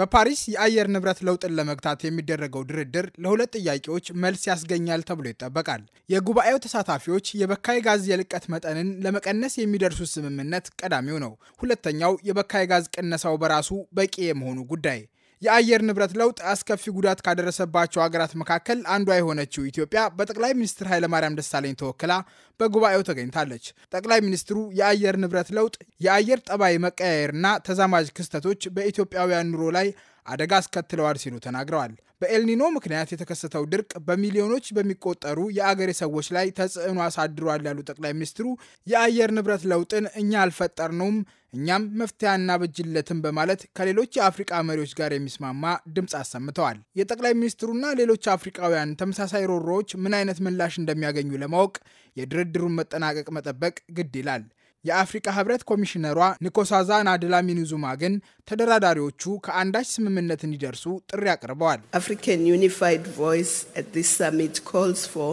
በፓሪስ የአየር ንብረት ለውጥን ለመግታት የሚደረገው ድርድር ለሁለት ጥያቄዎች መልስ ያስገኛል ተብሎ ይጠበቃል። የጉባኤው ተሳታፊዎች የበካይ ጋዝ የልቀት መጠንን ለመቀነስ የሚደርሱት ስምምነት ቀዳሚው ነው። ሁለተኛው የበካይ ጋዝ ቅነሳው በራሱ በቂ የመሆኑ ጉዳይ የአየር ንብረት ለውጥ አስከፊ ጉዳት ካደረሰባቸው ሀገራት መካከል አንዷ የሆነችው ኢትዮጵያ በጠቅላይ ሚኒስትር ኃይለማርያም ደሳለኝ ተወክላ በጉባኤው ተገኝታለች። ጠቅላይ ሚኒስትሩ የአየር ንብረት ለውጥ፣ የአየር ጠባይ መቀያየርና ተዛማጅ ክስተቶች በኢትዮጵያውያን ኑሮ ላይ አደጋ አስከትለዋል ሲሉ ተናግረዋል። በኤልኒኖ ምክንያት የተከሰተው ድርቅ በሚሊዮኖች በሚቆጠሩ የአገሬ ሰዎች ላይ ተጽዕኖ አሳድሯል ያሉ ጠቅላይ ሚኒስትሩ የአየር ንብረት ለውጥን እኛ አልፈጠርነውም፣ እኛም መፍትሄ አናበጅለትም በማለት ከሌሎች የአፍሪቃ መሪዎች ጋር የሚስማማ ድምፅ አሰምተዋል። የጠቅላይ ሚኒስትሩና ሌሎች አፍሪቃውያን ተመሳሳይ ሮሮዎች ምን አይነት ምላሽ እንደሚያገኙ ለማወቅ የድርድሩን መጠናቀቅ መጠበቅ ግድ ይላል። የአፍሪቃ ህብረት ኮሚሽነሯ ንኮሳዛ ናድላ ሚኒዙማ ግን ተደራዳሪዎቹ ከአንዳች ስምምነት እንዲደርሱ ጥሪ አቅርበዋል።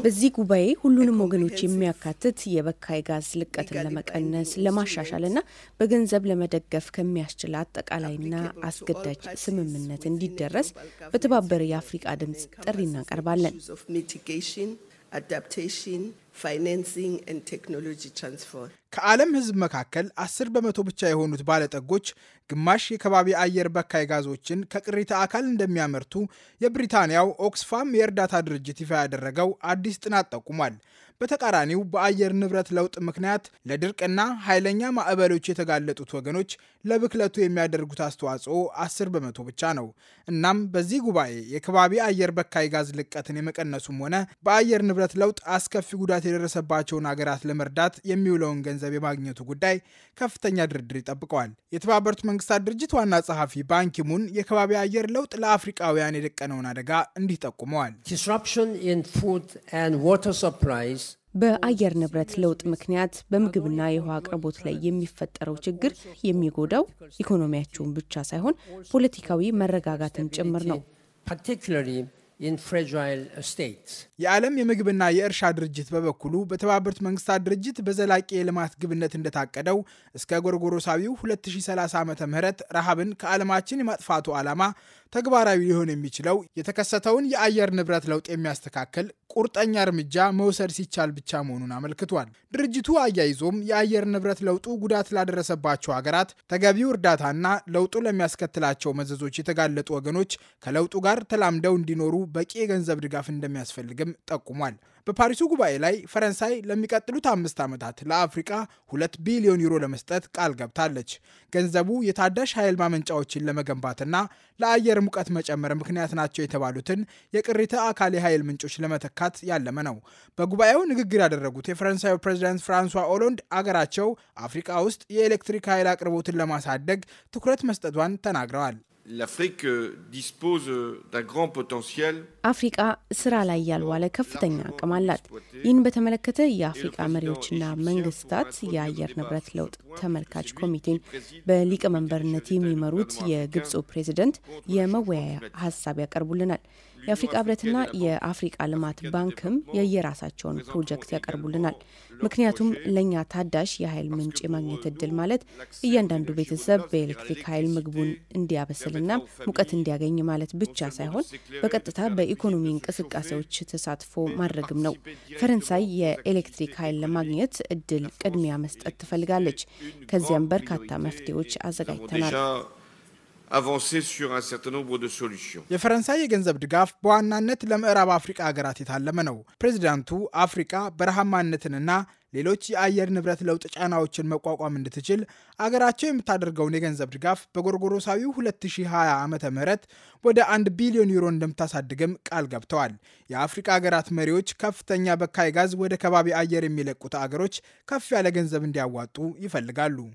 በዚህ ጉባኤ ሁሉንም ወገኖች የሚያካትት የበካይ ጋዝ ልቀትን ለመቀነስ ለማሻሻልና በገንዘብ ለመደገፍ ከሚያስችል አጠቃላይና አስገዳጅ ስምምነት እንዲደረስ በተባበረ የአፍሪቃ ድምፅ ጥሪ እናቀርባለን። ፋይናንሲንግ ኤንድ ቴክኖሎጂ ትራንስፈር። ከዓለም ሕዝብ መካከል አስር በመቶ ብቻ የሆኑት ባለጠጎች ግማሽ የከባቢ አየር በካይ ጋዞችን ከቅሪተ አካል እንደሚያመርቱ የብሪታንያው ኦክስፋም የእርዳታ ድርጅት ይፋ ያደረገው አዲስ ጥናት ጠቁሟል። በተቃራኒው በአየር ንብረት ለውጥ ምክንያት ለድርቅና ኃይለኛ ማዕበሎች የተጋለጡት ወገኖች ለብክለቱ የሚያደርጉት አስተዋጽኦ 10 በመቶ ብቻ ነው። እናም በዚህ ጉባኤ የከባቢ አየር በካይ ጋዝ ልቀትን የመቀነሱም ሆነ በአየር ንብረት ለውጥ አስከፊ ጉዳት የደረሰባቸውን ሀገራት ለመርዳት የሚውለውን ገንዘብ የማግኘቱ ጉዳይ ከፍተኛ ድርድር ይጠብቀዋል። የተባበሩት መንግስታት ድርጅት ዋና ጸሐፊ ባንኪሙን የከባቢ አየር ለውጥ ለአፍሪቃውያን የደቀነውን አደጋ እንዲህ ጠቁመዋል። በአየር ንብረት ለውጥ ምክንያት በምግብና የውሃ አቅርቦት ላይ የሚፈጠረው ችግር የሚጎዳው ኢኮኖሚያቸውን ብቻ ሳይሆን ፖለቲካዊ መረጋጋትን ጭምር ነው። የዓለም የምግብና የእርሻ ድርጅት በበኩሉ በተባበሩት መንግስታት ድርጅት በዘላቂ የልማት ግብነት እንደታቀደው እስከ ጎርጎሮሳዊው 2030 ዓ ም ረሃብን ከዓለማችን የማጥፋቱ ዓላማ ተግባራዊ ሊሆን የሚችለው የተከሰተውን የአየር ንብረት ለውጥ የሚያስተካከል ቁርጠኛ እርምጃ መውሰድ ሲቻል ብቻ መሆኑን አመልክቷል። ድርጅቱ አያይዞም የአየር ንብረት ለውጡ ጉዳት ላደረሰባቸው ሀገራት ተገቢው እርዳታና ለውጡ ለሚያስከትላቸው መዘዞች የተጋለጡ ወገኖች ከለውጡ ጋር ተላምደው እንዲኖሩ በቂ የገንዘብ ድጋፍ እንደሚያስፈልግም ጠቁሟል። በፓሪሱ ጉባኤ ላይ ፈረንሳይ ለሚቀጥሉት አምስት ዓመታት ለአፍሪቃ ሁለት ቢሊዮን ዩሮ ለመስጠት ቃል ገብታለች። ገንዘቡ የታዳሽ ኃይል ማመንጫዎችን ለመገንባትና ለአየር ሙቀት መጨመር ምክንያት ናቸው የተባሉትን የቅሪተ አካል የኃይል ምንጮች ለመተካት ያለመ ነው። በጉባኤው ንግግር ያደረጉት የፈረንሳዩ ፕሬዚዳንት ፍራንሷ ኦሎንድ አገራቸው አፍሪቃ ውስጥ የኤሌክትሪክ ኃይል አቅርቦትን ለማሳደግ ትኩረት መስጠቷን ተናግረዋል። አፍሪቃ euh, euh, ስራ ላይ ያልዋለ ከፍተኛ አቅም አላት። ይህን በተመለከተ የአፍሪቃ መሪዎችና መንግስታት የአየር ንብረት ለውጥ ተመልካች ኮሚቴን በሊቀመንበርነት የሚመሩት የግብፁ ፕሬዚደንት የመወያያ ሀሳብ ያቀርቡልናል። የአፍሪቃ ህብረትና የአፍሪቃ ልማት ባንክም የየራሳቸውን ፕሮጀክት ያቀርቡልናል። ምክንያቱም ለእኛ ታዳሽ የኃይል ምንጭ የማግኘት እድል ማለት እያንዳንዱ ቤተሰብ በኤሌክትሪክ ኃይል ምግቡን እንዲያበስልና ሙቀት እንዲያገኝ ማለት ብቻ ሳይሆን በቀጥታ በኢኮኖሚ እንቅስቃሴዎች ተሳትፎ ማድረግም ነው። ፈረንሳይ የኤሌክትሪክ ኃይል ለማግኘት እድል ቅድሚያ መስጠት ትፈልጋለች። ከዚያም በርካታ መፍትሄዎች አዘጋጅተናል። avancer የፈረንሳይ የገንዘብ ድጋፍ በዋናነት ለምዕራብ አፍሪካ ሀገራት የታለመ ነው። ፕሬዚዳንቱ አፍሪካ በረሃማነትንና ሌሎች የአየር ንብረት ለውጥ ጫናዎችን መቋቋም እንድትችል አገራቸው የምታደርገውን የገንዘብ ድጋፍ በጎርጎሮሳዊው 2020 ዓ ም ወደ 1 ቢሊዮን ዩሮ እንደምታሳድግም ቃል ገብተዋል። የአፍሪካ አገራት መሪዎች ከፍተኛ በካይ ጋዝ ወደ ከባቢ አየር የሚለቁት አገሮች ከፍ ያለ ገንዘብ እንዲያዋጡ ይፈልጋሉ።